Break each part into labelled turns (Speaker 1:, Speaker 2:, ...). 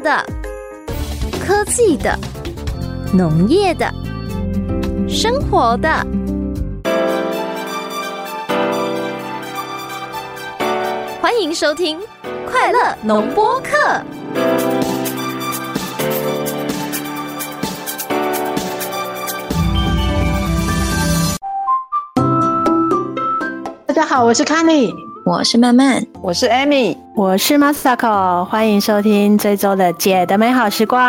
Speaker 1: 的科技的農業的生活的，歡迎收聽快樂農播客。
Speaker 2: 大家好，我是 Kylie，我是曼曼。我是艾米，我是 Masako。歡迎收聽這週的《姐的美好時光》。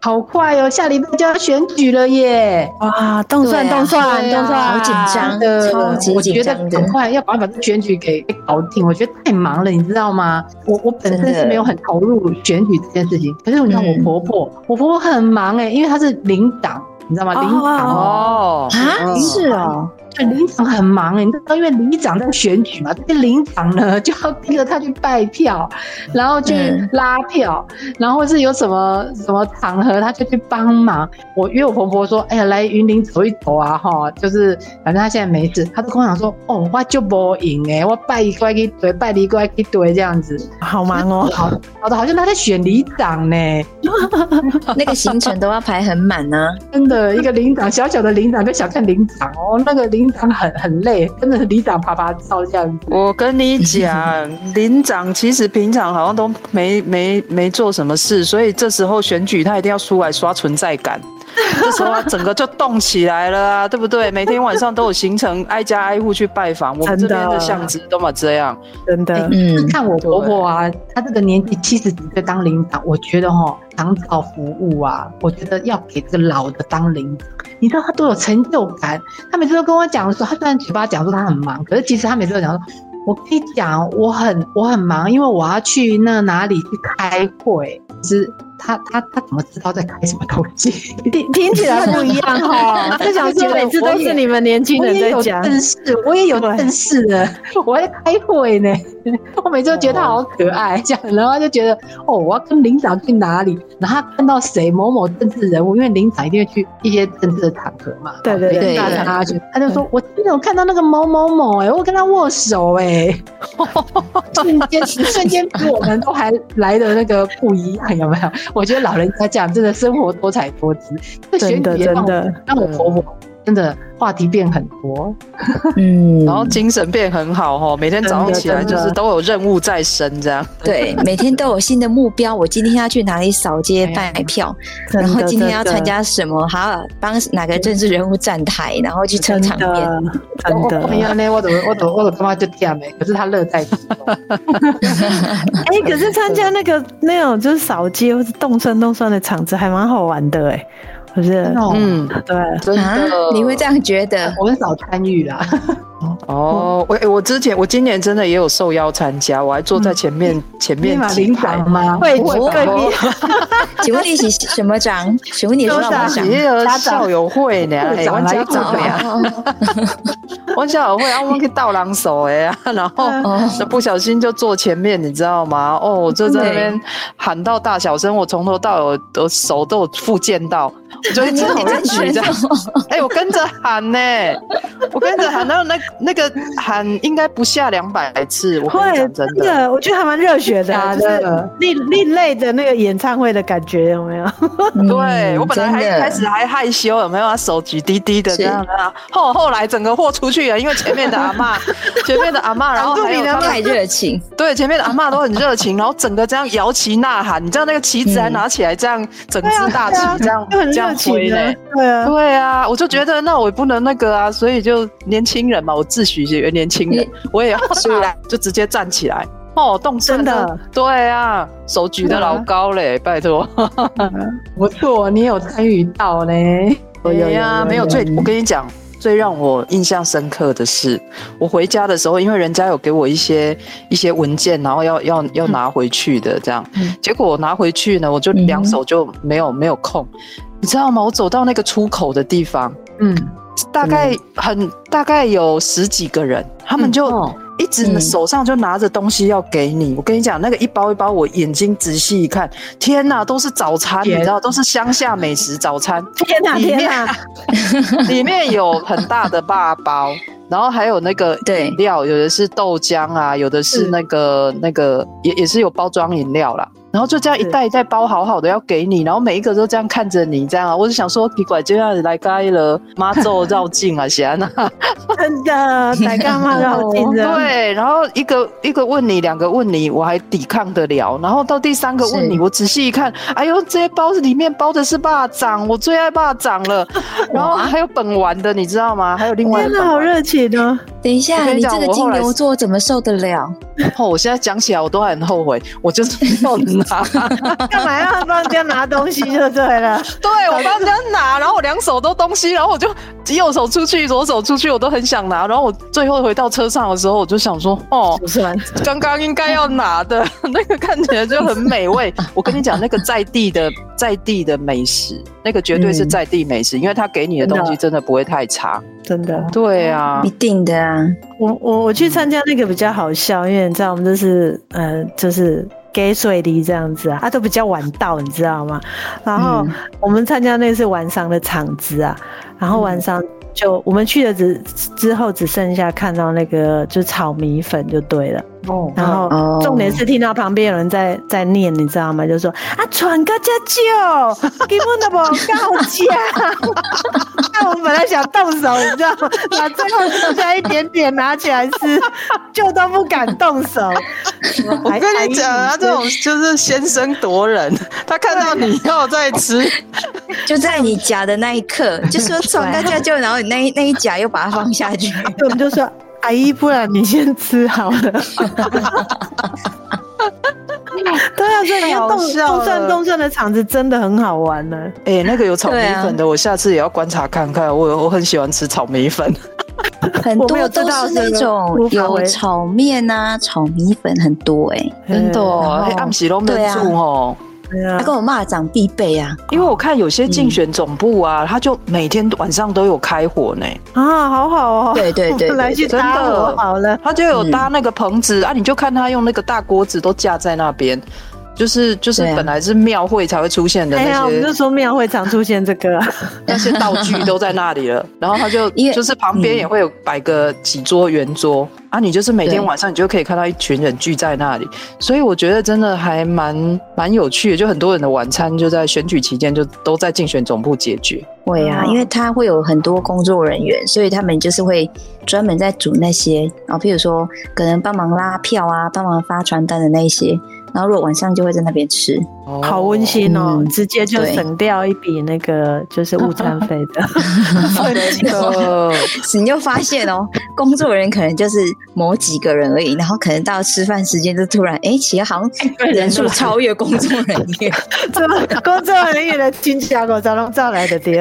Speaker 2: 好快哦，下禮拜就要選舉了耶！哇，動算動算動算，好緊張的，超級緊張的，我覺得很快要
Speaker 3: 把把這個選舉給搞定，我覺得太忙了，你知道嗎？我我本身是沒有很投入選舉這件事情，可是你看我婆婆，我婆婆很忙哎，因為她是領導，你知道嗎？領導啊，是哦。對，里長很忙哎，因為里長在選舉嘛，這個里長呢就要逼着他去拜票，然後去拉票，然後是有什麼什麼場合，他就去幫忙。我約我婆婆說，哎呀，來雲林走一走啊，哈，就是反正他現在沒事，他就跟我講說，哦，我就不贏哎，我拜一乖一堆，拜一乖一堆這樣子，好忙哦，好好的，好像他在選里長呢，那個行程都要排很滿呢，真的，一個里長小小的里長就小看里長哦，那個里。里長很很累，真的是里長啪啪照相。
Speaker 4: 我跟你講， 里長其實平常好像都沒沒沒做什麼事，所以這時候選舉他一定要出來刷存在感。這時候整個就動起來了，啊，對不對？每天晚上都有行程， 挨家挨戶去拜訪。我的，我們這邊的巷子都嘛這樣。
Speaker 3: 真的，誒嗯。看我婆婆啊，對她這個年紀七十幾歲當領導，我覺得哦，長照服務啊，我覺得要給這個老的當領導。你知道她多有成就感？她每次都跟我講的時候，她雖然嘴巴講說她很忙，可是其實她每次都講說，我跟你講，我很我很忙，因為我要去那哪裡去開會，是。他他他怎麼知道在開什麼東西？聽聽起來不一樣哈。 他就想說 他每次都是也你們年輕人在講，是，我也有正事的，對我在開會呢。我每次都覺得他好可愛，哦、這樣，然後就覺得哦，我要跟領導去哪裡，然後看到誰某某政治人物，因為領導一定會去一些政治的場合嘛。對對對，他就、嗯、他就說，我今天有看到那個某某某哎、欸，我跟他握手哎、欸， 瞬間瞬間比我們都還來的那個不一樣，有沒有？我覺得老人家講，真的生活多彩多姿。真的真的，讓我婆婆。真的話題變很多，嗯，然後精神變很
Speaker 4: 好，每天早上起來就是都
Speaker 1: 有任務在身這樣。
Speaker 4: 對，每
Speaker 3: 天都有新的目
Speaker 1: 標，我今天要去哪裡掃街拜、哎、呀票，然後今天要參加什麼，好幫哪個政治人物站台，然後去撐場面真。真的，哎呀，那我我我媽
Speaker 3: 就掉沒、欸，可是他樂在
Speaker 2: 其中哎，可是參加那個那種就是掃街或是凍蒜凍蒜的場子還蠻好玩的哎、欸。不是，嗯，對，真的，啊，你會這樣覺得？我們少參與啦。
Speaker 4: 哦，我我之前我今年真的也有受邀參加，我還坐在前面前面領獎嗎？不
Speaker 3: 會不會，
Speaker 1: 獎勵是什麼獎？請問
Speaker 4: 你是哪個校友會的
Speaker 3: 呀？王家棟呀，
Speaker 1: 我們校友
Speaker 3: 會，我們可以到狼手
Speaker 4: 哎，然後那不小心就坐前面，你知道嗎？哦，我坐那邊喊到大小聲，我從頭到尾都手都有復健到，我昨天真真舉着，哎，我跟着喊呢，我跟着喊到那。那個喊，應該
Speaker 2: 不下兩百
Speaker 4: 來次，我會真的，
Speaker 2: 我覺得還蠻熱血的，真的另另類的那個演唱會的感覺有沒有？對，我本來還一開始還害羞有沒
Speaker 4: 有？手舉低低的這樣的，後後來整個豁出去了，因為前面的阿嬤，前面的阿嬤，然後還有太熱情，對，前面的阿嬤都很熱情，然後整個這樣搖旗吶喊，你知道那個旗子還拿起來這樣整隻大旗這樣這樣揮的，對啊，對啊，我就覺得那我也不能那個啊，所以就年輕人嘛。我自詡是個年輕人，我也要出來，就直接站起來，哦，動身的？真的？對啊，手舉得老高嘞，啊、拜托，
Speaker 3: 不錯，你有參與到嘞，對啊、我有
Speaker 2: 呀。沒有最，
Speaker 4: 我跟你講，最讓我印象深刻的是，我回家的時候，因為人家有給我一些一些文件，然後要要要拿回去的，這樣，嗯、結果我拿回去呢，我就兩手就沒有、嗯、沒有空，你知道嗎？我走到那個出口的地方，嗯。大概很、嗯、大概有十幾個人，嗯、他們就一直手上就拿着東西要給你。嗯、我跟你講，那個一包一包，我眼睛仔細一看，天哪、啊，都是早餐，啊、你知道，都是鄉下美食早餐。天哪天哪，裡面有很大的肉包，然後還有那個飲料，對有的是豆漿啊，有的是那個、嗯、那個也也是有包裝飲料啦。然後就這樣一袋一袋包好好的要給你，然後每一個都這樣看着你，這樣啊，我就想說奇怪，這樣子來該了，媽祖繞境啊，謝安娜，
Speaker 2: 真的來幹嘛繞境的？對，
Speaker 4: 然後一個一個問你，兩個問你，我還抵抗得了，然後到第三個問你，我仔細一看，哎呦，這些包子裡面包的是巴掌，我最愛巴掌了，然後還有本丸的，你知道嗎？還有另外一個真的好熱情哦。等一下，你這個金牛座怎麼受得了？哦，我現在講起來我都還很後悔，我就是。
Speaker 2: 幹 嘛要幫人家拿
Speaker 4: 東西就對了。
Speaker 2: 對，我幫人
Speaker 4: 家拿，然後我兩手都東西，然後我就右手出去，左手出去，我都很想拿。然後我最後回到車上的時候，我就想說，哦，剛剛應該要拿的 那個看起來就很美味。 我跟你講，那個在地的在地的美食，那個絕對是在地美食，嗯、因為他給你的東西真的不會太差，
Speaker 2: 真的。真的對啊，一定的啊。我我我去參加那個比較好笑，因為你知道我們就是，嗯、呃，就是。給水泥這樣子啊，他、啊、都比較晚到，你知道嗎？然後我們參加那次晚上的場子啊，然後晚上就、嗯、我們去了只之後只剩下看到那個就炒米粉就對了。Oh, 然後重點是聽到旁邊有人在在念，你知道嗎？Oh. 就說啊，傳個家酒，給 我的寶告價。那我本來想動手，你知道嗎？把最後剩下一點點拿起來吃，就都不敢動手。 我，還我跟你講啊， 這種就是先聲
Speaker 1: 奪人。 他看到你要在吃， 就在你夾的那一刻， 就說傳個家酒，然後你那一那一夾又把它放下去， 我們就說。阿姨，不然你先吃好了。
Speaker 2: 都要這樣凍凍蒜，凍蒜的場子真的很好玩呢。哎，那個有炒米粉
Speaker 4: 的，我下次也要觀察看看。我我很喜歡吃炒米粉，
Speaker 2: 很多都是那種有
Speaker 1: 炒麵啊、炒米粉很多哎，很多暗喜攏得住哦。他跟我罵長必備啊，因為我看有些競選總部啊，哦嗯、他就每天
Speaker 4: 晚上都有開火呢。
Speaker 1: 啊，好好哦，對對，對對對，我來去打我好了，真的，他就
Speaker 4: 有搭那個棚子，嗯、啊，你就看他用那個大鍋子都架在那邊，就是就是
Speaker 2: 本來是廟會才會出現的那些，哎，呀我們就說廟會常出現這個， 那些道具都在
Speaker 4: 那裡了，然後他就為就是旁邊也會有擺個幾桌圓桌。嗯啊，你就是每天晚上你就可以看到一群人聚在那裡，對所以我覺得真的還蠻蠻有趣的，就很多人的晚餐就在選舉期間就都在競選總部解決。
Speaker 1: 對啊，因為他會有很多工作人員，所以他們就是會專門在煮那些啊、哦，譬如說可能幫忙拉票啊，幫忙發傳單的那些。然後如果晚上就會在那邊吃，好溫馨哦，嗯、直接就省掉一筆那個就是午餐費的。
Speaker 2: 對
Speaker 1: 你又發現哦， 工作人員可能就是某幾個人而已，然後可能到吃飯時間就突然哎，起、欸、來好像人數超越工作人員，
Speaker 2: 怎麼 工作人員的親戚啊，我怎麼找來的？ 對，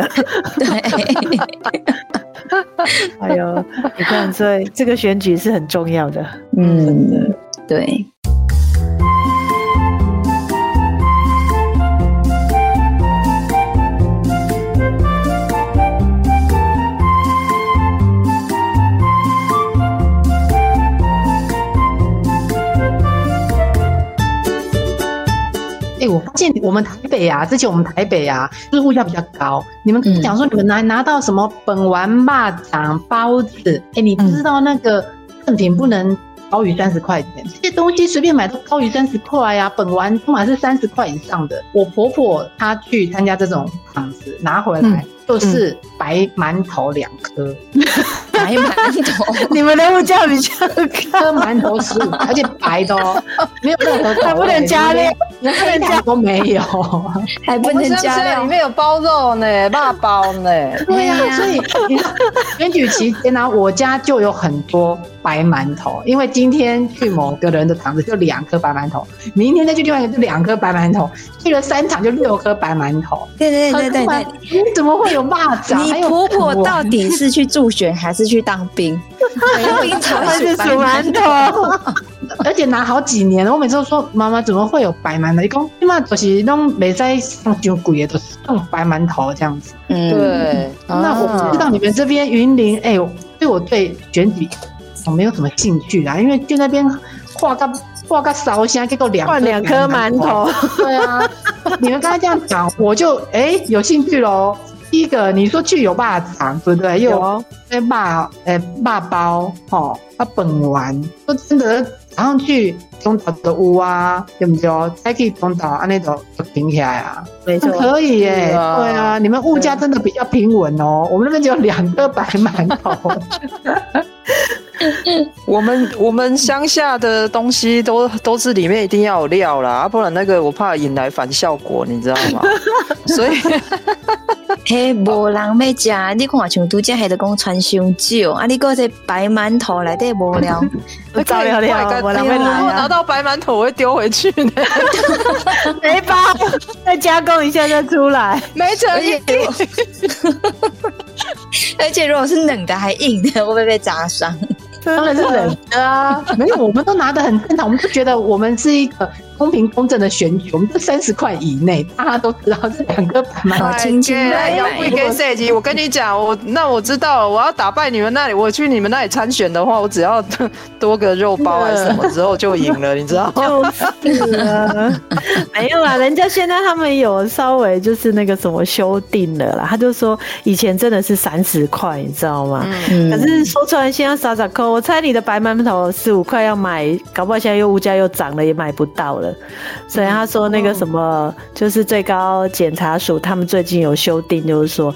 Speaker 2: 哎呦， 你看，所以這個選舉是很重要的，
Speaker 1: 嗯，對。
Speaker 3: 我發現我們台北啊，之前我們台北啊，就是物價比較高。你們講說你們拿拿到什麼本丸麻章包子，哎、嗯欸，你不知道那個贈品不能高於三十塊錢，嗯、這些東西隨便買都高於三十塊啊。本丸起碼是三十塊以上的。我婆婆她去參加這種場子，嗯、拿回來就是白饅頭兩顆。嗯嗯 白饅頭， 你們的物價比較顆饅頭是，而且白的哦，喔，沒有任何、欸、還不能加料，也看能，能都沒有，還不能加， 不能加 裡
Speaker 4: 面有包肉呢，臘包呢，對呀，啊，所以
Speaker 3: 你選舉期間呢，啊，我家就有很多白饅頭，因為今天去某個人的場子就兩顆白饅頭，明天再去另外一個就兩顆白饅頭，去了三場就六顆白饅頭，對對，對對對對對， 你怎麼會有螞蚱？ 你婆婆到底是去助選還是？去當
Speaker 2: 兵，每天早上是數饅頭，
Speaker 3: 而且拿好幾年，我每次都說媽媽怎麼會有白饅頭？一公起碼我其在上酒鬼，也、就、都是送白饅頭這樣子。嗯，對。啊、那我不知道你們這邊雲林，哎、欸，對我對卷餅我沒有什麼興趣啊，因為就那邊畫個畫個燒香結果兩換兩顆饅頭。頭對啊， 你們剛才這樣講，我就哎、欸、有興趣嘍。第一個，你說去有臘腸，對不對？有那肉臘，誒、欸，臘包，齁，阿本丸就真的，然後去中島的屋啊，對不對？還可以中島啊，那種就平起來錯、欸、對啊，可以耶，對啊，你們物價真的比較平穩哦。我們那邊只有兩個白饅頭，我們
Speaker 4: 我們鄉下的東西都都是裡面一定要有料啦、啊、不然那個我怕引來反效果，你知道嗎？ 所以。
Speaker 1: 嘿，沒人要吃，你看像都江還在講穿胸酒啊，你看這白饅頭來的無聊。
Speaker 4: 我找了，你啊，波浪妹拿，我拿
Speaker 2: 到白饅頭，我會丟回去的，沒辦法，再加工一下再出來，沒誠意，
Speaker 3: 而且如果是冷的還硬的，會不會被扎傷？當然是冷的啊，沒有，我們都拿的很正常，我們就覺得我們是一個。公平公正的選舉，我們這三十塊以內，大家都知道這兩個白饅頭要貴跟設
Speaker 4: 計。Hi, Jay，我跟你講，我那我知道了，我要打敗你們那裡，我去你們那裡參選的話，我只要多個肉包啊什麼之後就贏了，嗯、你知道
Speaker 2: 嗎？就沒有、哎、啦，人家現在他們有稍微就是那個什麼修訂了啦，他就說以前真的是三十塊，你知道嗎？嗯、可是說出來現在傻傻摳，我猜你的白饅頭十五塊要買，搞不好現在又物價又漲了，也買不到了。所以他說那個什麼，就是最高檢察署他們最近有修訂，就是說，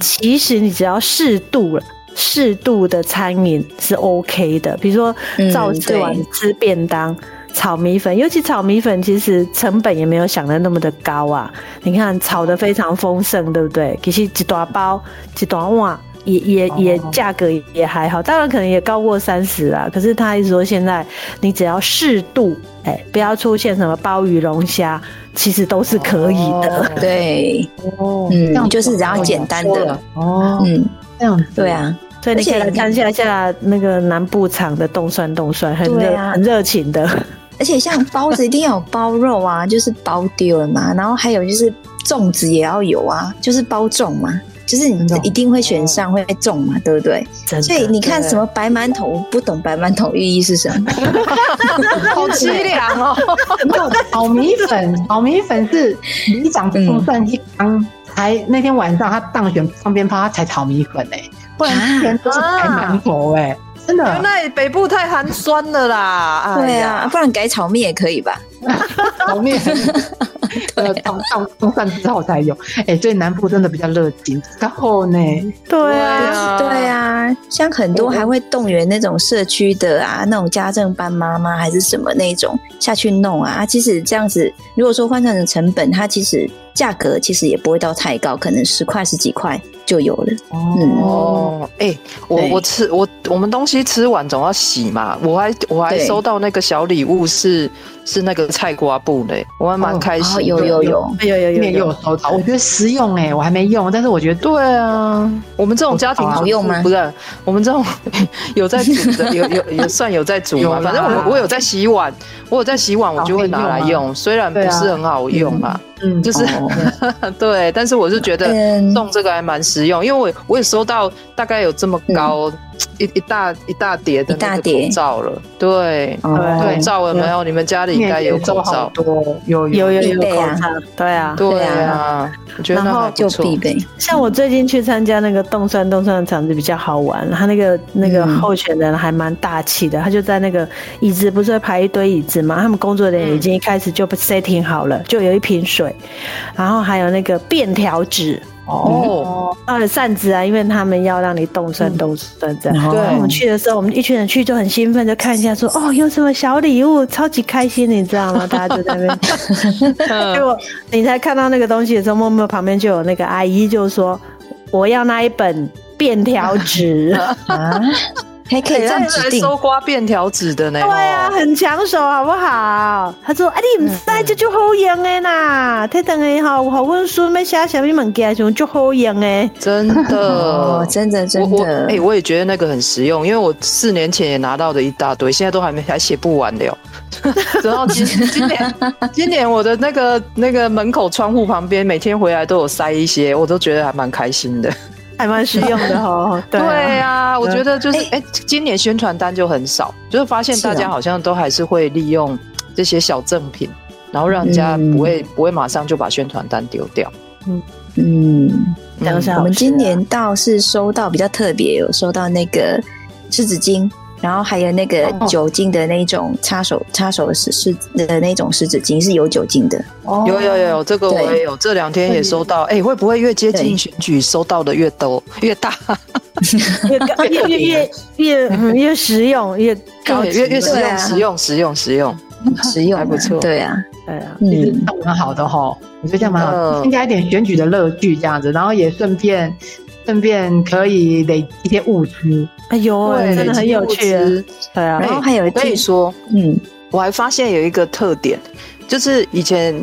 Speaker 2: 其實你只要適度了，適度的餐飲是 OK 的。比如說，照吃完吃便當，炒米粉，尤其炒米粉，其實成本也沒有想的那麼的高啊。你看炒的非常豐盛，對不對？其實一大包，一大碗。也也也價格也還好，當然可能也高過三十啊。可是他一直說現在，你只要適度、欸，不要出現什麼鮑魚龍蝦，其實都是可以的。哦、對，哦，嗯，這就是只要簡單的，哦，嗯，這對啊。所以你可以看一下一那個南部場的凍蒜凍蒜，很熱、啊、很熱情的。
Speaker 1: 而且像包子一定要有包肉啊， 就是包丟了嘛。然後還有就是粽子也要有啊，就是包粽嘛。就是你一定會選上會中嘛，對不對？所以你看什麼白饅頭，不懂白饅頭寓意是
Speaker 3: 什麼？好淒涼哦！沒有炒米粉，炒米粉是你講不算。剛才那天晚上他當選放鞭炮，他才炒米粉哎，不然全是白饅頭哎，真的？
Speaker 1: 那北部太寒酸了啦！啊，對呀，不然改炒麵也可以吧？
Speaker 3: 表面，呃 邊，到到風扇之後才有。哎，對，南部真的比較熱情。然後呢？
Speaker 1: 對啊，對啊，啊、像很多還會動員那種社區的啊，那種家政班媽媽還是什麼那種下去弄啊，啊。其實這樣子，如果說換扇的換算的成本，它其實價格其實也不會到太高，可能十塊十幾塊。就有了哦，哎，我我吃我我們東西吃完總要洗嘛，我還
Speaker 4: 我還收到那個小禮物是是那個菜瓜布嘞，我
Speaker 3: 還蠻開心，有有有，哎有有有有，我覺得實用哎，我還沒用，但是我覺得對啊，
Speaker 4: 我們這種家庭好用嗎？不是，我們這種有在煮的，有有也算有在煮嘛，反正我我有在洗碗，我有在洗碗，我就會拿來用，雖然不是很好用嘛，嗯，就是對，但是我是覺得送這個還蠻。使用，因為我我也收到大概有這麼高、嗯、一一大一大疊的大疊口罩了，
Speaker 2: 對口罩了沒有？有你們家裡應該有口罩，多有有有對啊對啊，我覺得那還不錯，然後就必備，像我最近去參加那個凍蒜凍蒜的場子比較好玩，他那個那個候選人還蠻大氣的，他就在那個椅子不是會排一堆椅子嘛，他們工作人員已經一開始就 setting 好了，就有一瓶水，然後還有那個便條紙。哦，了、oh. 嗯啊、扇子啊，因為他們要讓你動身動身這樣。 對，然後我們去的時候，我們一群人去就很興奮，就看一下說，哦，有什麼小禮物，超級開心，你知道嗎？大家就在那邊。 嗯、結果你才看到那個東西的時候，默默旁邊就有那個阿姨就說：“我要那一本便條紙。 ”還可以站起來收刮便條紙的呢，哦、對啊，很搶手，好不好？他說：“阿、啊、你唔塞，就就好用哎吶，太等哎好，我好溫書，每下小便門家上就好用哎，真的、哦，真的真的，哎、欸，
Speaker 4: 我也覺得那個很實用，因為我四年前也拿到的一大堆，現在都還沒還寫不完的喲。然後今今年今年， 今年我的那個那個門口窗戶旁邊，每天回來都有塞一些，我都覺得還蠻開心的。”還蠻實用的哈，對啊，我覺得就是哎，對欸、今年宣傳單就很少，就是發現大家好像都還是會利用這些小贈品，啊、然後讓人家不會、嗯、不會馬上就把宣傳單丟掉。嗯
Speaker 1: 嗯，嗯嗯等一下，我們今年倒是收到比較特別，有收到那個濕紙巾。然後還有那個酒精的那種擦手，擦手濕濕的那種濕紙巾是有酒精的
Speaker 2: 哦？有有
Speaker 4: 有有，這個我也有，這兩天也收到。哎，會不會越接近選舉收到的越多越大？
Speaker 2: 越越越
Speaker 4: 越越實用，越高。越實用，實用實用實用，
Speaker 3: 實用還不錯，對呀，對呀，嗯，蠻好的哈，你覺得這樣蠻好，增加一點選舉的樂趣，這樣子，然後也順便。順便可以累積一些物資，哎呦、欸，對真的很有趣。對啊，然後還有一
Speaker 4: 件，可以說，嗯，我還發現有一個特點，就是以前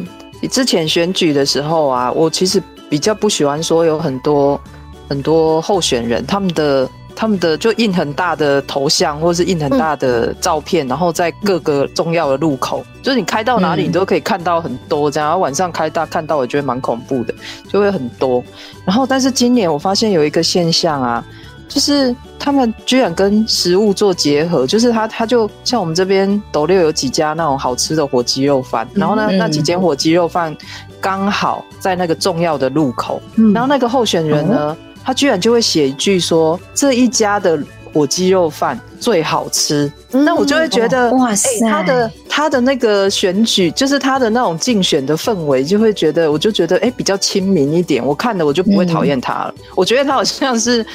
Speaker 4: 之前選舉的時候啊，我其實比較不喜歡說有很多很多候選人，他們的。他們的就印很大的頭像，或者是印很大的照片，嗯、然後在各個重要的路口，嗯、就是你開到哪裡，你都可以看到很多、嗯、這樣。然後晚上開大看到，我覺得蠻恐怖的，就會很多。然後，但是今年我發現有一個現象啊，就是他們居然跟食物做結合，就是他他就像我們這邊斗六有幾家那種好吃的火雞肉飯，然後呢、嗯、那幾間火雞肉飯剛好在那個重要的路口，嗯、然後那個候選人呢？嗯他居然就會寫一句說，這一家的火雞肉飯最好吃，那我就會覺得、
Speaker 1: 嗯哦、哇塞，欸、他的
Speaker 4: 他的那個選舉就是他的那種競選的氛圍，就會覺得我就覺得哎、欸、比較親民一點，我看了我就不會討厭他了。嗯、我覺得他好像是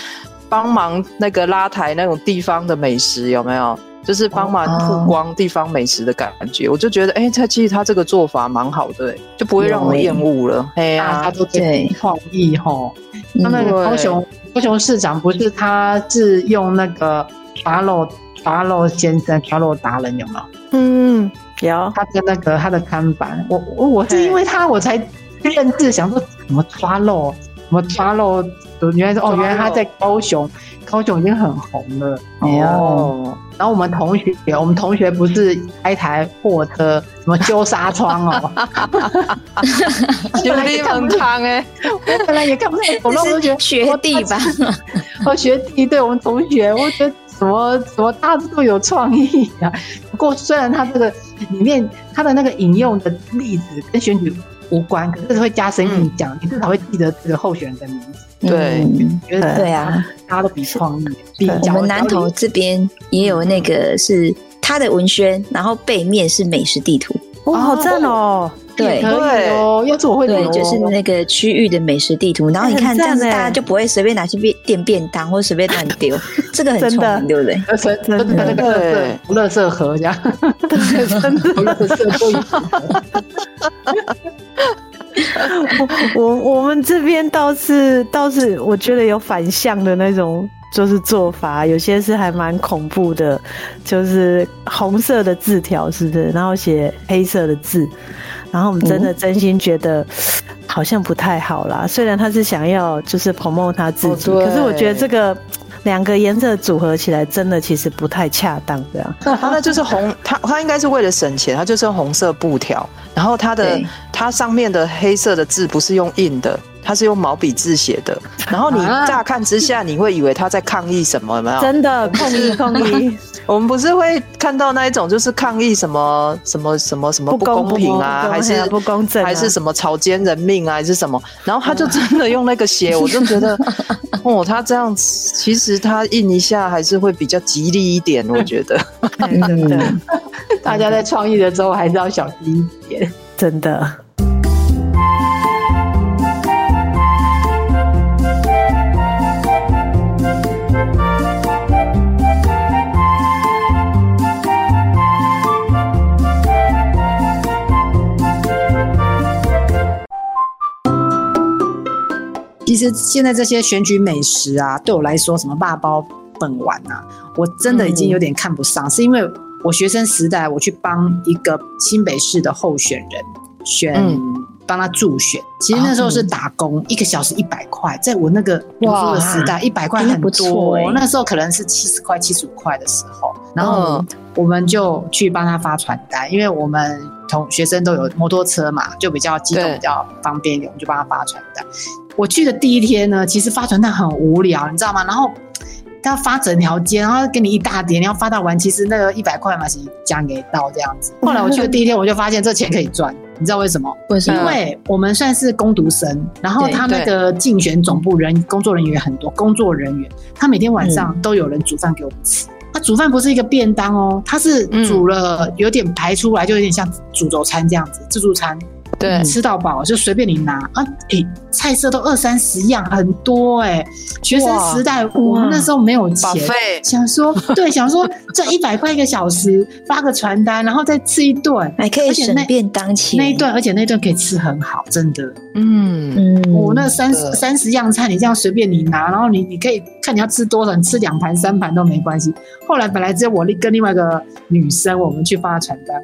Speaker 4: 幫忙那個拉抬那種地方的美食有沒有？就是幫忙曝光地方美食的感覺，oh, uh. 我就覺得，哎、欸，他其實他這個做法蠻好的、欸，就不會讓我厭
Speaker 3: 惡了。哎呀、oh. 啊，他都創意哈。那那個高雄高雄市長不是他是用那個抓漏抓漏先生抓漏達人有嗎？
Speaker 2: 嗯，
Speaker 3: 有。Mm hmm. 他那個他的看板，我我是因為他 Hey. 我才認識，想說怎麼抓漏，怎麼抓漏。原來是哦，原來他在高雄，哦、高雄已經很紅了哦。然後我們同學，我們同學不是開台貨車什麼修紗窗哦，本來看不上哎，我本來也
Speaker 1: 看不上。我們同學學弟吧，
Speaker 3: 我學弟對我們同學，我覺得什麼 什麼大都有創意啊。不過雖然他這個裡面他的那個引用的例子跟選舉。無關，可是會加深你、嗯、講，你至少會記得這個候選人的名字。嗯、對，覺得，、嗯、覺得對啊，他都比創意。對以我們南投這邊也
Speaker 1: 有那個是、嗯、他的文宣，然後背面是美食地圖，哦，好讚哦！對對要怎麼會對，就是那個區域的美食地圖。然後你看這樣子，大家就不會隨便拿去便墊便當，或者隨便亂丟。這個很真的對不對？真的真的對，樂色盒這
Speaker 3: 樣，真的。
Speaker 2: 我我我們這邊倒是倒是，我覺得有反向的那種就是做法，有些是還蠻恐怖的，就是紅色的字條，是不是？然後寫黑色的字。然後我們真的真心覺得好像不太好啦，雖然他是想要就是 promote 他自己，可是我覺得這個兩個顏色組合起來真的其實不太恰當。這樣，嗯，那那就是紅，
Speaker 4: 他他應該是為了省錢，他就是用紅色布條。然後他的他、欸、上面的黑色的字不是用印的。他是用毛筆字寫的，然後你乍看之下， 你會以為他在抗議什麼？有沒有真的抗議抗議。我們， 我們不是會看到那一種，就是抗議什麼什麼什麼什麼不公平啊，還是、啊、不公正、啊，還是什麼草菅人命啊，還是什麼？然後他就真的用那個寫， 我就覺得哦，他這樣子，其實他印一下還是會比較吉利一點。我覺得，
Speaker 3: 大家在創意的時候還是要小心一點，真的。其實現在這些選舉美食啊，對我來說什麼霸包、本丸吶、啊，我真的已經有點看不上。嗯、是因為我學生時代我去幫一個新北市的候選人選，嗯、幫他助選。其實那時候是打工，哦嗯、一個小時一百塊，在我那個讀書的時代，一百塊很多。我那時候可能是七十塊、七十五塊的時候，然後我們就去幫他發傳單，因為我們。同學生都有摩托車嘛，就比較機動，比較方便一點，我們對就幫他發傳單。我去的第一天呢，其實發傳單很無聊，你知道嗎？然後他發整條街，然後給你一大疊，你要發到完，其實那個一百塊嘛，其實講給到這樣子。後來我去的第一天，我就發現這錢可以賺，你知道為什麼？為什麼？ 因為我們算是工讀生，然後他那個競選總部人工作人員很多，工作人員他每天晚上都有人煮飯給我們吃。他煮飯不是一個便當哦，他是煮了有點排出來，嗯、就有點像煮粥餐這樣子，自助餐，對、嗯，吃到飽就隨便你拿啊！哎、欸，菜色都二三十樣，很多哎、欸。學生時代，我們哇哇那時候沒有錢，費想說對，想說這一百塊一個小時，發 個傳單，然後再吃一頓，還可以省便當錢那一頓，而且那一頓可以吃很好，真的。嗯嗯，我、嗯哦、那三十三十樣菜，你這樣隨便你拿，然後你你可以看你要吃多少，你吃兩盤三盤都沒關係。後來本來只有我跟另外一個女生，我們去發傳單，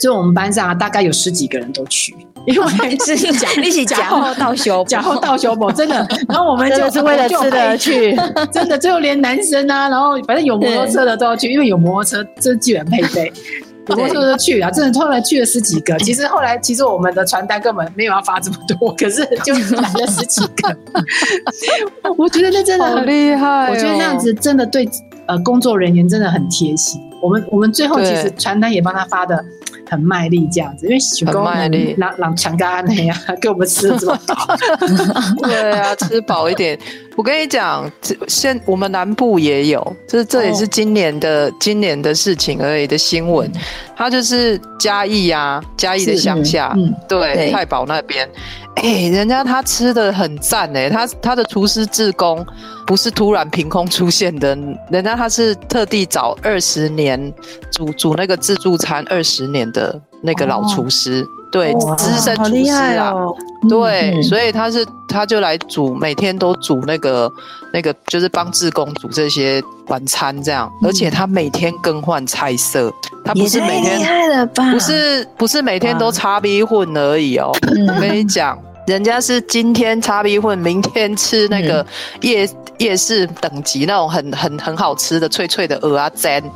Speaker 3: 就我們班上、啊、大概有十幾個人都去，因為是、嗯、是假，一起假貨盜修，假貨到修嘛，真的。然後我們就是為了吃的對去， 真的，最後連男生啊，然後反正有摩托車的都要去，是因為有摩托車，這基本配備。 我們對就是去啊，真的後來去了十幾個。 其實後來，其實我們的傳單根本沒有要發這麼多，可是就買了十幾個。 我覺得那真的好厲害，哦，我覺得那樣子真的對呃工作人員真的很貼心。我們我們最後其實傳單也幫他發的。很賣力這樣子，因為喜公很賣力，狼狼搶幹那樣給、啊、我們吃這麼好，怎麼 對啊，吃飽一點。我跟你講，
Speaker 4: 現我們南部也有，就這這也是今年的，哦，今年的事情而已的新聞。它就是嘉義啊，嘉義的鄉下，嗯嗯、對，太保那邊。嗯哎、欸，人家他吃得很讚，哎、欸，他他的廚師志工，不是突然憑空出現的，人家他是特地找二十年煮煮那個自助餐二十年的那個老廚師，哦、哇對、哦、哇、資深廚師啊，哦、對，嗯、哼所以他是他就來煮，每天都煮那個。那個就是幫志工煮這些晚餐，這樣，而且他每天更換菜色，他不是每天，不是不是每天都炒米粉而已哦。我跟你講，人家是今天炒米粉，明天吃那個夜夜市等級那種很很很好吃的脆脆的蚵仔煎，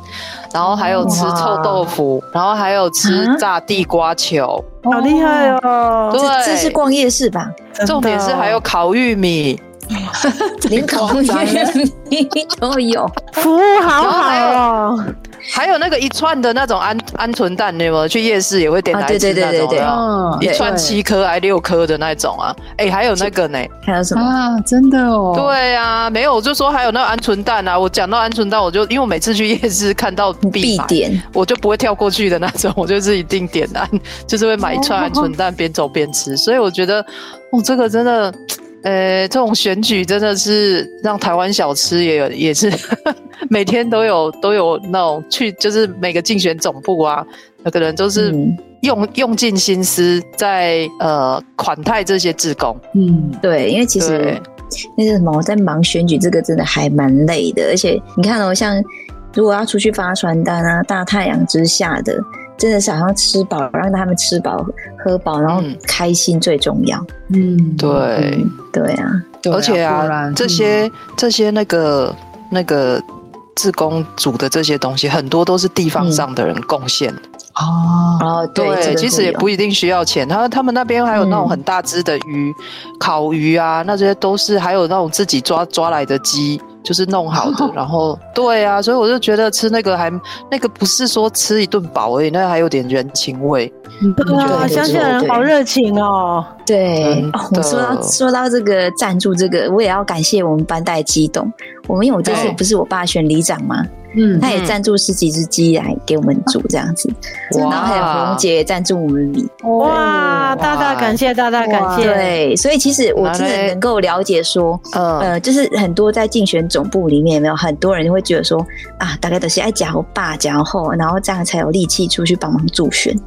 Speaker 4: 然後還有吃臭豆腐，然後還有吃炸地瓜球，
Speaker 2: 好厲害哦！對，這是
Speaker 1: 逛夜市吧？重點是還
Speaker 4: 有烤玉米。
Speaker 1: 林口夜市，哦喲，服務好好哦。還有那個一串的那
Speaker 4: 種鵪鵪鶉蛋，你們去夜市也會點來吃那種啊，一串七顆還是六顆的那種啊。哎，還有那個呢？還有什麼啊？真的哦？對啊，沒有，我就說還有那個鵪鶉蛋啊。我講到鵪鶉蛋，我就因為我每次去夜市看到必點，我就不會跳過去的那種，我就自己定點的，就是會買一串鵪鶉蛋邊走邊吃。所以我覺得，哦，這個真的。呃、欸，這種選舉真的是讓台灣小吃也有，也是呵呵每天都有都有那種去，就是每個競選總部啊，那個人都是用、嗯、用盡心思在呃款待這些志工。
Speaker 1: 嗯，對，因為其實對那個什麼，我在忙選舉，這個真的還蠻累的，而且你看哦，像如果要出去發傳單啊，大太陽之下的。真的想要吃飽，讓他們吃飽、喝飽，然後開心最重要。嗯，嗯對嗯，對啊，對啊而且啊，然這些、嗯、這些那
Speaker 4: 個那個志工煮的這些東西，嗯、很多都是地方上的人貢獻、嗯、哦。啊，對，其實對也不一定需要錢。他他們那邊還有那種很大隻的魚，嗯、烤魚啊，那些都是還有那種自己抓抓來的雞。就是弄好的， 然後對啊，所以我就覺得吃那個還那個不是說吃一頓飽而已，那個、還有點人情味。
Speaker 2: 嗯，對啊，鄉下人好熱情哦。
Speaker 1: 對，的哦、我說到說到這個贊助這個，我也要感謝我們班代雞董，我們因為我這次不是我爸選里長嘛，嗯，嗯，他也贊助十幾隻雞來給我們煮這樣子，啊、然後還有洪姐也贊助我們米，
Speaker 2: 哇，對哇，大大感
Speaker 1: 謝，大大感謝，對，所以其實我真的能夠了解說，咧呃，就是很多在競選總部裡面有沒有很多人就會覺得說啊，大概都是愛呷我爸呷好，然後這樣才有力氣出去幫忙助選，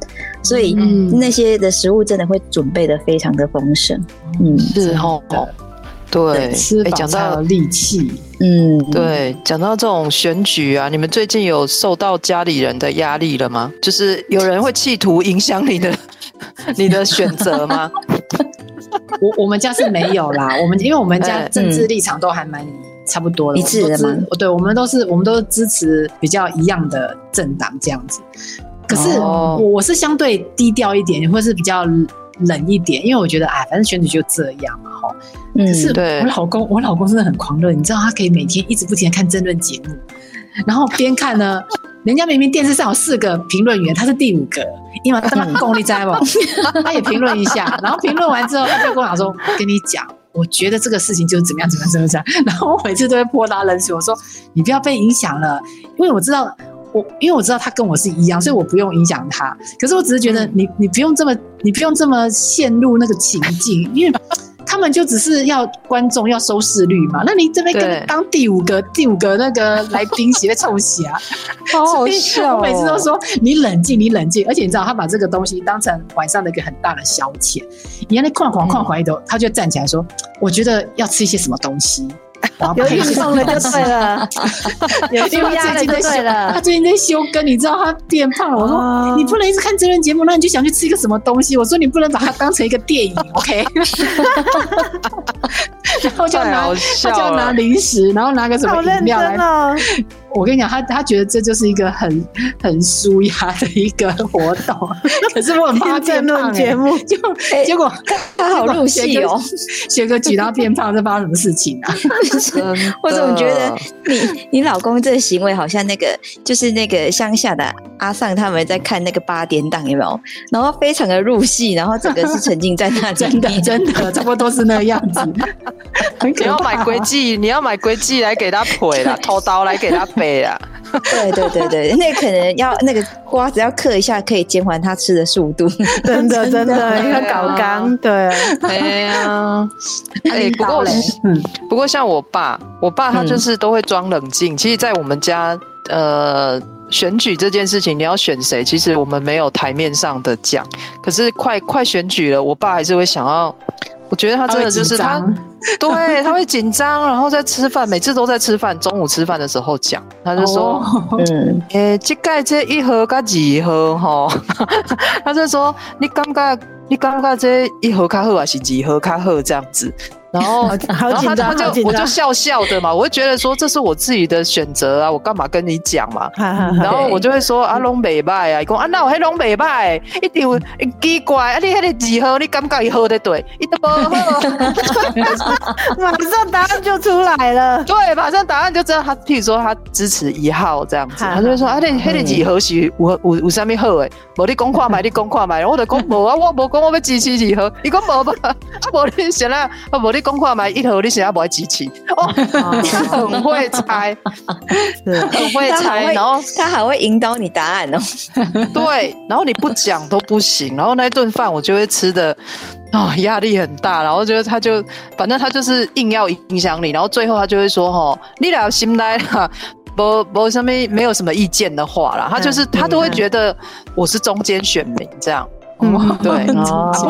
Speaker 1: 所以嗯嗯那些的食物真的會準備的非常。的風險，嗯，是吼，對，
Speaker 3: 是對。講到
Speaker 1: 力氣，嗯，
Speaker 4: 對，講到這種選舉啊，你們最近有受到家裡人的壓力了
Speaker 3: 嗎？就是有人會企圖影響你的 你的選擇嗎？ 我我們家是沒有啦，我們因為我們家政治立場都還蠻差不多的，一致的嘛。哦，對，我們都是我們都是支持比較一樣的政黨這樣子。可是、哦、我我是相對低調一點，或是比較。冷一點，因為我覺得哎，反正選舉就這樣嘛、哦、哈、嗯。可是我老公，對我老公真的很狂熱，你知道他可以每天一直不停的看政論節目，然後邊看呢， 人家明明電視上有四個評論員，他是第五個，因為他是五動力在吧，
Speaker 2: 他也評論一下，然後評論完之後 他就跟我
Speaker 3: 講說：“我跟你講，我覺得這個事情就怎麼樣怎麼樣怎麼樣。是不是這樣？”然後我每次都會潑他冷水，我說：“你不要被影響了，因為我知道。”我因為我知道他跟我是一樣，所以我不用影響他。嗯、可是我只是覺得你，你你不用這麼，你不用這麼陷入那個情境，嗯、因為他們就只是要觀眾要收視率嘛。那你這邊跟當第五個對第五個那個來賓，誰來湊席啊？所以我每次都說你冷靜，你冷靜。而且你知道，他把這個東西當成晚上的一個很大的消遣。你看那晃晃懷晃的，嗯、他就站起來說：“我覺得要吃一些什麼東西。”
Speaker 2: 有點胖了，就是了；有點壓了，就
Speaker 3: 對了。他最近在修根，你知道他變胖了。我說、哦、你不能一直看真人節目，那你就想去吃一個什麼東西。我說你不能把它當成一個電影，OK？ 然後就拿，他就要拿零食，然後拿個什麼飲料、哦、來。我跟你講，他他覺得這就是一個很很舒壓的一個活動，可是我媽在政論節目，就、 欸、結果他,他好入戲哦學。學個舉到變胖，是發生什麼事情啊？的我總覺得你你
Speaker 1: 老公這個行為好像那個，就是那個鄉下的阿桑他們在看那個八點檔，有沒有？然後非常的入戲，然後整個是沉浸在那 真的真的，差不多是那個樣
Speaker 4: 子。 啊、你要買硅劑，你要買硅劑來給他腿了，偷刀來給他背。 對呀，
Speaker 1: 對對對對，那個，可能要那個瓜子，要嗑一下，可以減緩他吃的速度。 真的真的要搞剛，對，哎呀、
Speaker 4: 啊，哎、啊 欸，不過 不過，像我爸，我爸他就是都會裝冷靜。嗯、其實，在我們家，呃，選舉這件事情，你要選誰，其實我們沒有台面上的講。可是快，快快選舉了，我爸還是會想要。我覺得他真的就是他。對，他會緊張，然後在吃飯，每次都在吃飯，中午吃飯的時候講，他就說，嗯，呃，這個這一盒跟幾盒哈，他就說，你感覺你感覺這一盒卡好還是幾盒卡好這樣子，然後，
Speaker 2: 然後他就我就笑笑的
Speaker 4: 嘛，我會覺得說這是我自己的選擇啊，我幹嘛跟你講嘛，然後我就會說啊龍北派啊，講啊，那我黑龍北派，一定奇怪，啊你還得幾盒你感覺一盒的對，伊都無好。馬上答案就出來了。對，馬上答案就知道他，譬如說他支持一號這樣子，他就會說：“啊，你黑點幾何許？我我我什麼號的？無你講快買，你講快買，我就講無啊，我無講我要支持幾號，你講我吧？啊，無你現在啊，無你講快買一號，你現在不愛支持。”
Speaker 2: 他很
Speaker 3: 會猜，很會猜，然後
Speaker 1: 他還會引導你
Speaker 4: 答案哦。對，然後你不講都不行，然後那頓飯我就會吃的。啊、哦，壓力很大，然後覺得他就反正他就是硬要影響你，然後最後他就會說：“哈、哦，你倆心呆了，不不，沒什麼沒有什麼意見的話了。嗯”他就是、嗯、他都會覺得我是中間選民這樣，對、哦啊，不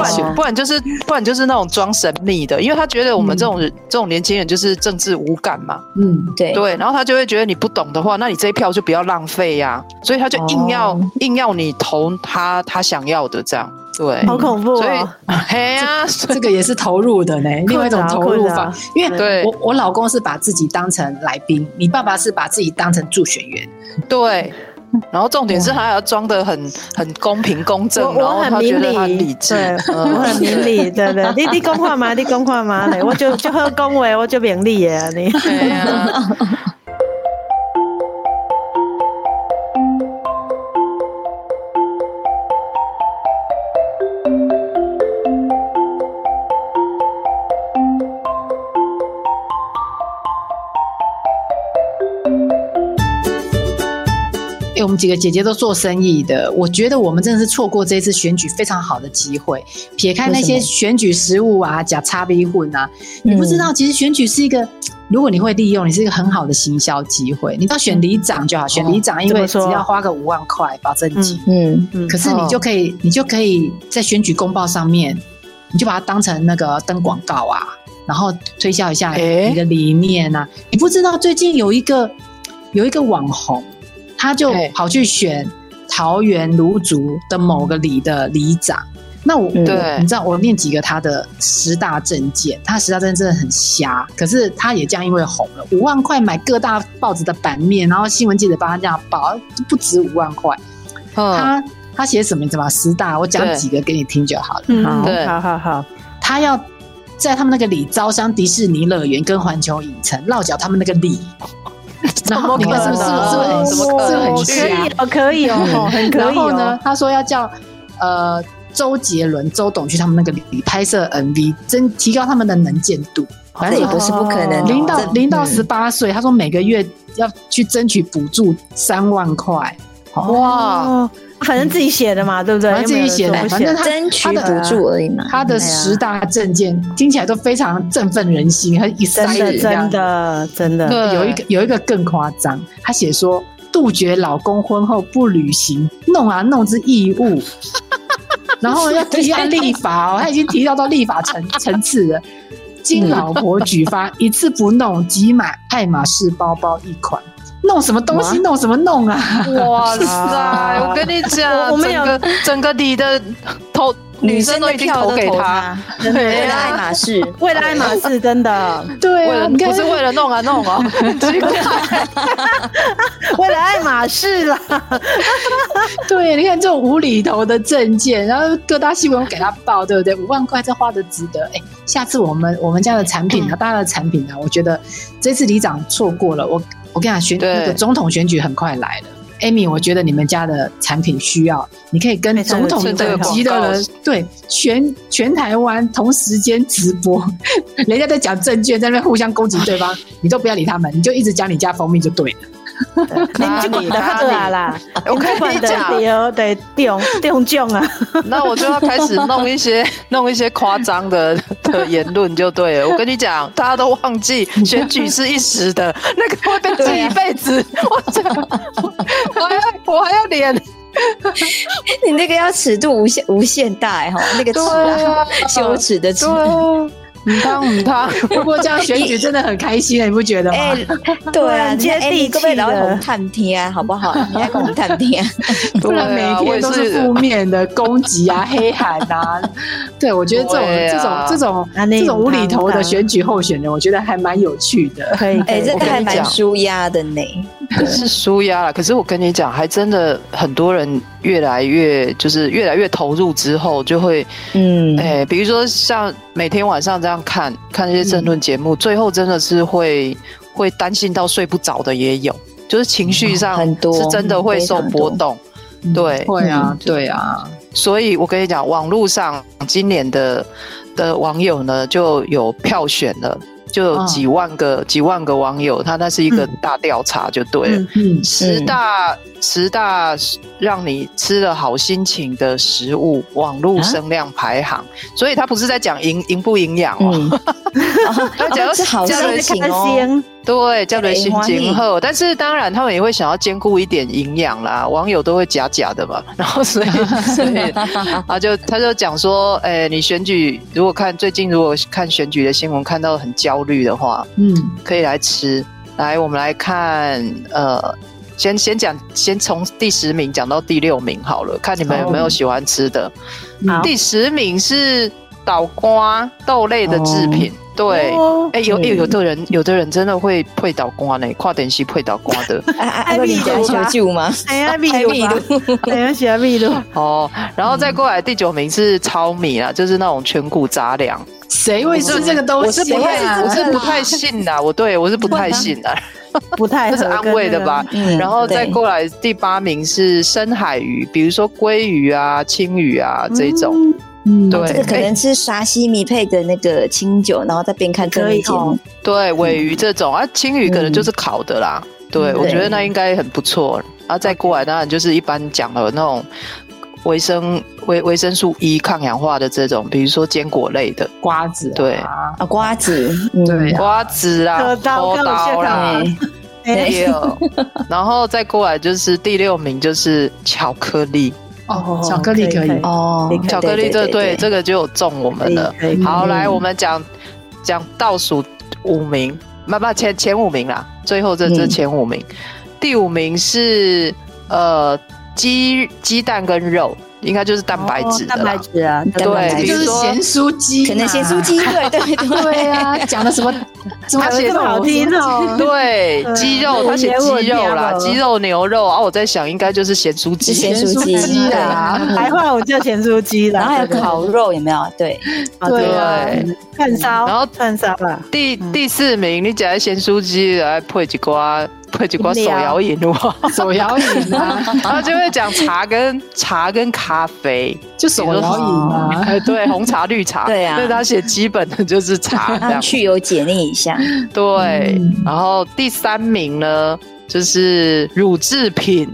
Speaker 4: 然哇不然就是不然就是那種裝神秘的，因為他覺得我們這種、嗯、這種年輕人就是政治無感嘛，嗯，對對，然後他就會覺得你不懂的話，那你這一票就不要浪費呀、啊，所以他就硬要、哦、硬要你投他他想要的這樣。對，好
Speaker 3: 恐怖哦。哎呀，這個也是投入的呢。另外一種投入法，因為我我老公是把自己當成來賓，你爸爸是把自己當成助選員。對，然後重點是他要裝
Speaker 4: 得
Speaker 2: 很很公平公正，我很明理。我很明理，對對，你你講話嗎？你講話嗎？我就就好講話，我就明理呀，你。
Speaker 3: 幾個姐姐都做生意的，我覺得我們真的是錯過這次選舉非常好的機會。撇開那些選舉食物啊、假叉逼混啊，嗯、你不知道，其實選舉是一個，如果你會利用，你是一個很好的行銷機會。你到選里長就好，嗯、選里長因為只要花個五萬塊保證金，嗯、哦，可是你就可以，你就可以在選舉公報上面，你就把它當成那個登廣告啊，然後推銷一下你的理念啊。欸、你不知道，最近有一個有一個網紅。他就跑去選桃園蘆竹的某個里的里長。對那我，對你知道我念幾個他的十大政見？他十大政見真的很瞎，可是他也這樣因為紅了，五萬塊買各大報紙的版面，然後新聞記者幫他這樣報，就不止五萬塊。呵他他寫什麼什麼十大，我講幾個給你聽就好了。嗯，對，好好好。對他要在他們那個里招商迪士尼樂園跟環球影城落腳，他們那個里。
Speaker 2: 然後你看是不是是不是很是不是很炫啊、哦哦？可以哦， 哦很可以、哦。然後呢，
Speaker 3: 他說要叫呃周杰倫周董去他們那個里拍攝 MV，增提高他們的能見度。反正、哦、也不是不可能的、啊零，零到零到十八歲，嗯、他說每個月要去爭取補助三萬塊。哦、哇！反正自己寫的嘛，對不對？自己寫的，反正他他的而已嘛。他的十大政見聽起來都非常振奮人心，和一生的真的真的有一個有一個更誇張。他寫說，杜絕老公婚後不履行，弄啊弄之義務，然後要提到立法哦，他已經提到到立法層層次了。經老婆舉發一次不弄，即買愛馬仕包包一款。弄什麼東西？弄什麼弄啊！哇塞！
Speaker 4: 我跟你講，整個整
Speaker 3: 個你的投女生都已經投給他，為
Speaker 4: 了愛馬仕，為了愛馬
Speaker 2: 仕，真的，對，不是為了弄啊弄啊，為了愛馬仕了。對，你看
Speaker 3: 這種無厘頭的政見，然後各大新聞給他報，對不對？五萬塊這花的值得。哎，下次我們我們家的產品啊，大家的產品啊，我覺得這次里長錯過了我。我跟你講，選對那個總統選舉很快來了，Amy，我覺得你們家的產品需要，你可以跟總統級的人、哎、對全全台灣同時間直播，人家在講證券，在那邊互相攻擊對方， 你都不要理他們，你就一直講你家蜂蜜就對了。 對你你的啦啦，我跟你講，你
Speaker 2: 得得得獎啊！ 那我就要開始弄一些
Speaker 4: 弄一些誇張的的言論就對了。我跟你講，大家都忘記選舉是一時的， 那個
Speaker 1: 會被記一輩子。啊、我講，我還要我還要臉， 你那個要尺度無限無限大哈，那個尺啊，啊啊羞恥的尺。你當，你當，不過這樣選舉真的很開心，你不覺得嗎？對啊，今天是一個被老孔探聽，好不好？被老孔探聽，不然每天都是負
Speaker 3: 面的攻擊啊、黑函啊。對，我覺得這種這種這種這種無厘頭的選舉候選人，我覺得還蠻有趣的。可以，可以，哎，真的還蠻
Speaker 4: 舒
Speaker 1: 壓的呢。
Speaker 4: 可是舒壓啦，可是我跟你講，還真的很多人越來越就是越來越投入之後，就會嗯誒、欸、比如說像每天晚上這樣看看這些政論節目，嗯、最後真的是會會擔心到睡不着的也有，就是情緒上很多是真的會受波動，哦嗯嗯、對，會啊，對啊，對啊，所以我跟你講，網絡上今年的的網友呢，就有票選了。就有幾萬個、幾萬個網友，他那是一個大調查，就對了。嗯嗯嗯、十大十大讓你吃了好心情的食物網絡聲量排行，啊、所以他不是在講營營不營養
Speaker 2: 哦，他講的是好心情。
Speaker 4: 對，叫人心情好，但是當然他們也會想要兼顧一點營養啦。網友都會假假的嘛，然後所以所以啊，啊 他就他就講說，誒、欸，你選舉如果看最近如果看選舉的新聞，看到很焦慮的話，嗯，可以來吃。來，我們來看，呃，先先講，先從第十名講到第六名好了，看你們有沒有喜歡吃的。嗯、第十名是。豆乾豆類的製品，對，哎，有有有的人，有的人真的會配豆乾呢，跨點西配豆乾的，
Speaker 1: 開蜜酒嗎？誰呀？蜜酒？
Speaker 4: 誰呀？小米的？哦，然後再過來第九名是糙米啦，就是那種全穀雜糧。誰會吃這個東西？我是不太，我是不太信吶。我對我是不太信的，不太這是安慰的吧？然後再過來第八名是深海魚，比如說鮭魚啊、鯖魚啊這種。嗯，對，這個可能
Speaker 1: 是沙西米配的那個清酒，然後再邊看這一種，
Speaker 4: 對，鮭魚這種啊，鮭魚可能就是烤的啦。對，我覺得那應該很不錯。啊，再過來當然就是一般講的那種維生維維生素 E 抗氧化的這種，比如說堅果類的瓜子，對
Speaker 3: 啊，瓜
Speaker 1: 子，
Speaker 3: 對，瓜子啊，可刀啦，沒有。然
Speaker 4: 後再過來就是第六名，就是巧克力。
Speaker 3: 哦，巧克力可以哦，巧克力這，對對對，這
Speaker 4: 個就有中我們的。好、嗯、來、嗯、我們講講倒數五名，那不前，前五名啦，最後這、嗯、這是前五名，第五名是呃雞，雞蛋跟肉。應該就是蛋白質蛋白質啊，對，就是鹹酥雞，可能鹹
Speaker 1: 酥雞，對對對，啊，講的什麼？怎麼這麼好聽喔？對，雞肉，它寫雞肉
Speaker 4: 啦，雞肉牛肉。啊，我在想，應該就是鹹酥雞，鹹酥雞啊，還
Speaker 1: 換我就鹹酥雞啦，然後還有烤肉有沒有？對，對，炭燒，然後炭燒啦。
Speaker 4: 第第四名，你講鹹酥雞來配橘瓜。他就光手搖飲的話，手搖飲
Speaker 2: 啊，他就會講茶
Speaker 4: 跟茶跟咖啡，就手搖飲啊，對，紅茶、綠茶，對啊，所以他寫基本的就是茶，去油解膩一下。對，然後第三名呢，就是乳製品，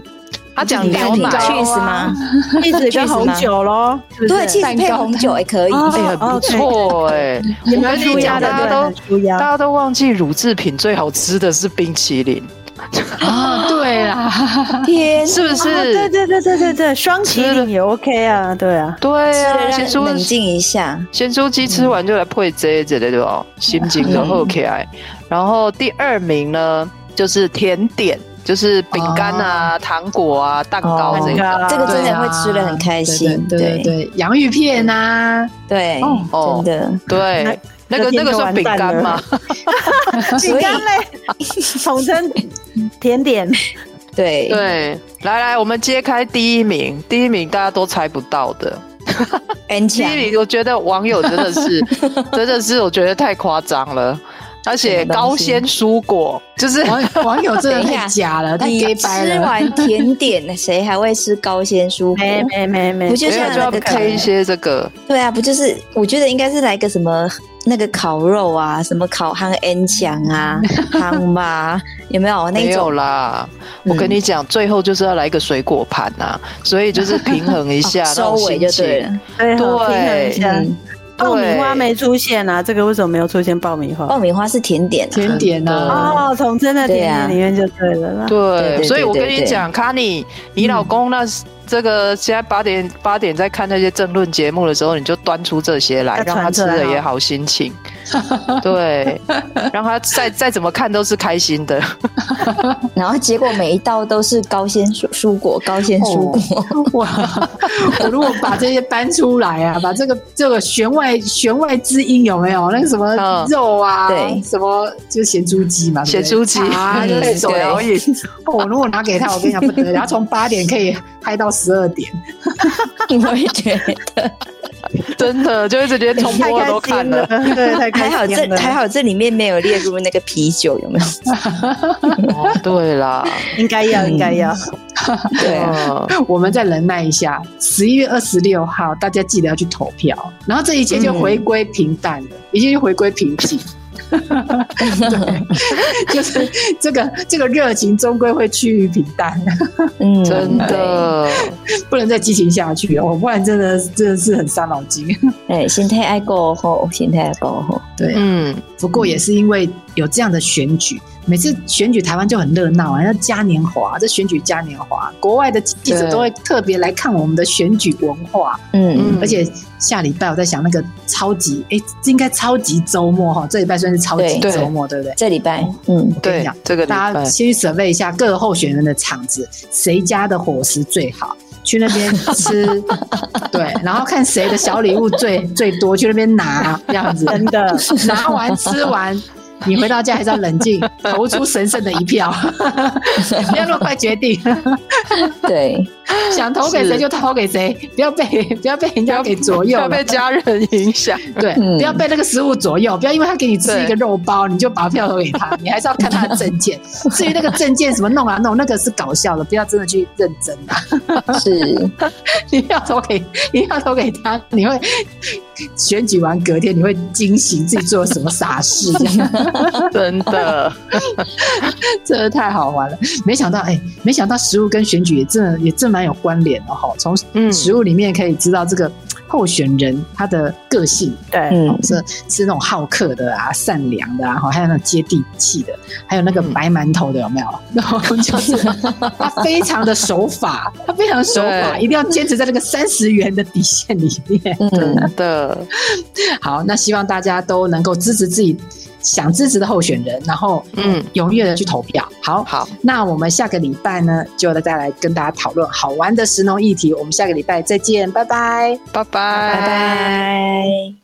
Speaker 4: 他講奶、起司嗎？起司
Speaker 1: 配紅酒咯，對起司配紅酒也可以，很不錯
Speaker 4: 欸，我跟你講大家都大家都忘記乳製品最好吃的是冰淇淋。
Speaker 2: 啊，對啦，天，是不是？對對對對對對，雙十臨也 OK 啊，對啊，對啊，先舒冷靜一下，
Speaker 4: 先出雞，吃完就來配這一隻的，對吧？心情都 OK。然後第二名呢，就是甜點，就是餅乾啊、糖果啊、蛋糕這個，這個真的會吃得
Speaker 1: 很開心。對對，洋芋片啊，對，真的對。
Speaker 4: 那個那個是餅乾嗎？餅乾
Speaker 3: 咧，
Speaker 1: 統 稱
Speaker 4: 乾咧 甜點。對對，來來，我們揭開第一名，第一名大家都猜不到的。 第一名我覺得網友真的是， 真的是，我覺得太誇張了。而且高纖蔬果，就是網友網友真的太假了，給白了。你吃完甜
Speaker 1: 點，誰 還會吃高纖蔬果？沒沒沒沒，沒沒沒不就是 k 我就要 k 一些這個？對啊，不就是？我覺得應該是來個什麼？那個烤肉啊，什麼烤漢 n 強啊，夯嘛， 有沒有？那種沒有啦。嗯、我跟你講，最後就是要來一個水果盤吶、啊，所以
Speaker 4: 就是平
Speaker 2: 衡一下那種心情， 哦、就對，對，平衡一下。對爆米花沒出現啊，這個為什麼沒有出現爆米花？爆米花是甜點、啊，甜點啊。嗯、的哦，從真的甜點裡面就對了啦。對，啊、對，對，所以我跟你講
Speaker 4: 卡尼，你老公那、嗯、那這個現在八點八點在看那些政論節目的時候，你就端出這些來，來哦、讓他吃了也好心情。 對，讓他再再怎麼看都是開心的。
Speaker 1: 然後結果每一道都是高鮮蔬果，高鮮蔬果、哦我。
Speaker 3: 我如果把這些搬出來啊， 把這個這個弦外弦外之音有沒有？那個什麼肉啊，哦、對，什麼就鹹豬雞嘛，對對鹹豬雞啊，嗯、對。我也我如果拿給他，我跟你講不得了。 然後從八點可以嗨到十二點， 我也覺得。
Speaker 1: 真的，就一直連
Speaker 4: 重播都看了，
Speaker 2: 還好這 還好
Speaker 1: 這裡面沒有列入那個啤酒，有沒
Speaker 3: 有？ 哦、對啦， 應該要，應該要。嗯、對， 我們再忍耐一下，十一月二十六號，大家記得要去投票。然後這一切就回歸平淡了，一切、嗯、就回歸平靜。哈哈，哈 對， 就是這個 這個熱情終歸會趨於平淡， 嗯， 真的 不能再激情下去哦，不然真的真的是很傷腦筋。哎， 心態愛過火，心態愛過火，對，嗯，不過也是因為、嗯。嗯有這樣的選舉，每次選舉台灣就很熱鬧啊，像嘉年華，這選舉嘉年華，國外的記者對都會特別來看我們的選舉文化。嗯，而且下禮拜我在想那個超級，哎、欸，應該超級週末哈，這禮拜算是超級週末，對，對，對不對？對這禮拜，嗯，對我跟你講，這個大家先去準備一下各個候選人的場子，誰家的伙食最好，去那邊吃。 對，然後看誰的小禮物最 最多，去那邊拿這樣子，真的拿完吃完。 你回到家還是要冷靜， 投出神聖的一票，不要那麼快決定。對，想投給誰就投給誰，是不要被不要被人家給左右，不要被家人影響。對，嗯、不要被那個食物左右，不要因為他給你吃一個肉包，對你就把票投給他。 你還是要看他的證件，至於那個證件怎麼弄啊弄，那個是搞笑的，不要真的去認真、啊、是，你要投給你要投給他，你會。選舉完隔天，你會驚醒自己做了什麼傻事， 真的， 真的太好玩了。沒想到，哎、欸，沒想到食物跟選舉也真的也真蠻有關聯的哈、哦。從食物裡面可以知道這個候選人他的個性，對、嗯哦，是是那種好客的啊，善良的啊，還有那種接地氣的，還有那個白饅頭的有沒有？然後、嗯、 就是他非常的守法，對他非常的守法，一定要堅持在這個三十元的底線裡面，真、嗯、的。對 好，那希望大家都能夠支持自己想支持的候選人，然後嗯，踴躍的去投票。嗯、好，好，那我們下個禮拜呢，就要再來跟大家討論好玩的食農議題。我們下個禮拜再見，拜拜，拜拜 bye，拜拜。